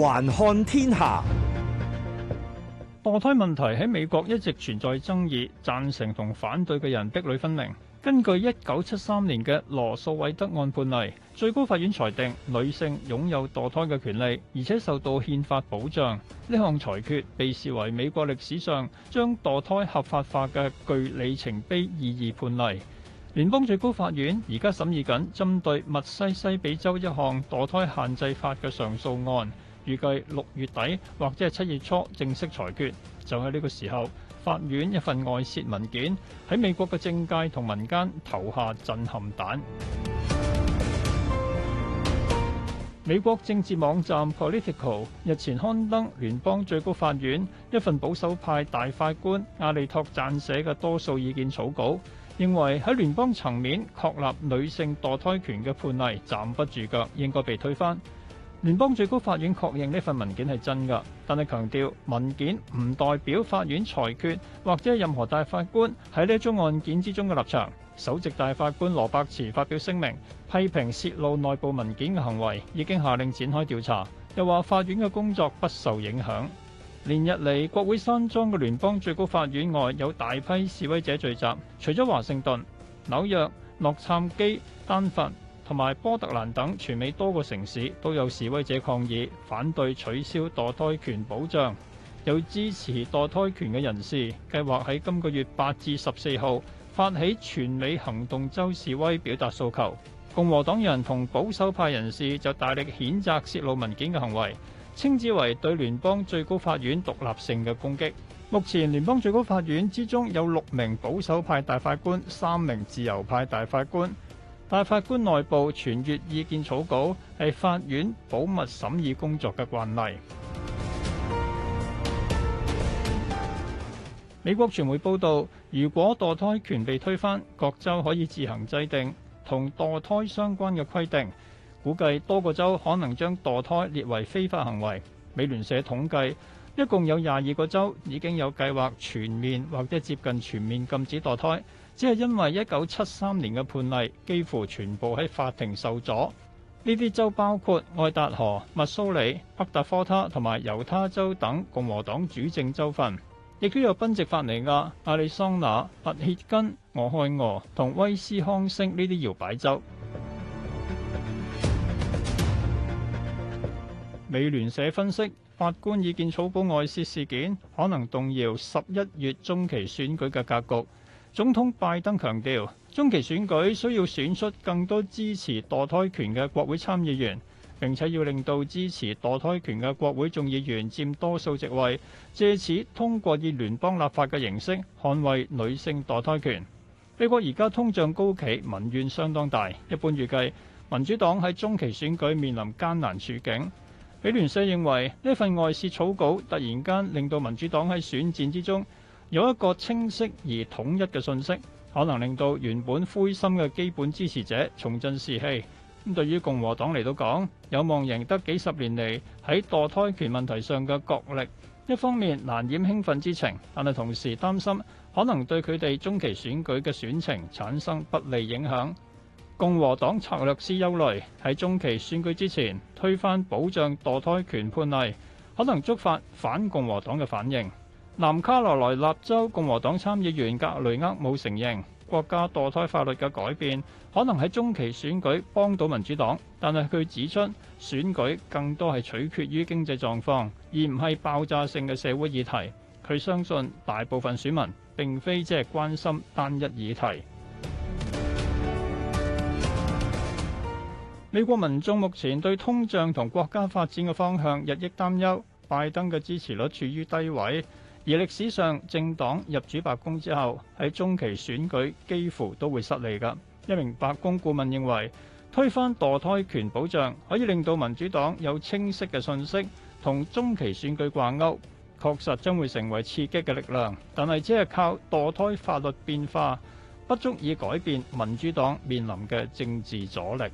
環看天下，墮胎問題喺美國一直存在爭議，贊成同反對嘅人壁壘分明。根據一九七三年嘅羅素韋德案判例，最高法院裁定女性擁有墮胎嘅權利，而且受到憲法保障。呢項裁決被視為美國歷史上將墮胎合法化嘅具里程碑意義判例。聯邦最高法院而家審議緊針對密西西比州一項墮胎限制法嘅上訴案。預計六月底或者係七月初正式裁決，就喺呢個時候，法院一份外洩文件喺美國嘅政界同民間投下震撼彈。美國政治網站 Politico 日前刊登聯邦最高法院一份保守派大法官阿利托撰寫嘅多數意見草稿，認為喺聯邦層面確立女性墮胎權嘅判例站不住腳，應該被推翻。聯邦最高法院確認呢份文件係真嘅，但係強調文件唔代表法院裁決或者任何大法官喺呢一宗案件之中嘅立場。首席大法官羅伯茨發表聲明，批評洩露內部文件嘅行為已經下令展開調查。又話法院嘅工作不受影響，連日嚟，國會山莊嘅聯邦最高法院外有大批示威者聚集，除咗華盛頓、紐約、洛杉磯、丹佛、同埋波特蘭等全美多個城市都有示威者抗議，反對取消墮胎權保障。有支持墮胎權嘅人士計劃喺今個月八至十四號發起全美行動週示威，表達訴求。共和黨人同保守派人士就大力譴責洩露文件嘅行為，稱之為對聯邦最高法院獨立性嘅攻擊。目前聯邦最高法院之中有六名保守派大法官，三名自由派大法官。大法官內部傳閱意見草稿係法院保密審議工作嘅慣例。美國傳媒報道，如果墮胎權被推翻，各州可以自行制定同墮胎相關嘅規定。估計多個州可能將墮胎列為非法行為。美聯社統計，一共有廿二個州已經有計劃全面或者接近全面禁止墮胎。只係因為一九七三年嘅判例幾乎全部喺法庭受阻，呢啲州包括愛達荷、密蘇里、北達科他同埋猶他州等共和黨主政州份，亦都有賓夕法尼亞、亞利桑那、密歇根、俄亥俄同威斯康星呢啲搖擺州。美聯社分析，法官意見草稿外洩事，事件可能動搖十一月中期選舉嘅格局。總統拜登強調，中期選舉需要選出更多支持墮胎權嘅國會參議員，並且要令到支持墮胎權嘅國會眾議員佔多數席位，藉此通過以聯邦立法嘅形式捍衛女性墮胎權。美國而家通脹高企，民怨相當大，一般預計民主黨喺中期選舉面臨艱難處境。美聯社認為呢份外洩草稿突然間令到民主黨喺選戰之中，有一個清晰而統一嘅信息，可能令到原本灰心嘅基本支持者重振士氣。咁對於共和黨嚟到講，有望贏得幾十年嚟喺墮胎權問題上嘅角力。一方面難掩興奮之情，但係同時擔心可能對佢哋中期選舉嘅選情產生不利影響。共和黨策略師憂慮喺中期選舉之前推翻保障墮胎權判例，可能觸發反共和黨嘅反應。南卡羅來納州共和黨參議員格雷厄姆，承認國家墮胎法律嘅改變可能喺中期選舉幫到民主黨，但係佢指出，選舉更多係取決於經濟狀況，而唔係爆炸性嘅社會議題。佢相信大部分選民並非只係關心單一議題。美國民眾目前對通脹同國家發展嘅方向日益擔憂，拜登嘅支持率處於低位，而歷史上，政黨入主白宮之後，喺中期選舉幾乎都會失利㗎。一名白宮顧問認為，推翻墮胎權保障可以令到民主黨有清晰嘅信息同中期選舉掛鈎，確實將會成為刺激嘅力量。但係，只係靠墮胎法律變化不足以改變民主黨面臨嘅政治阻力。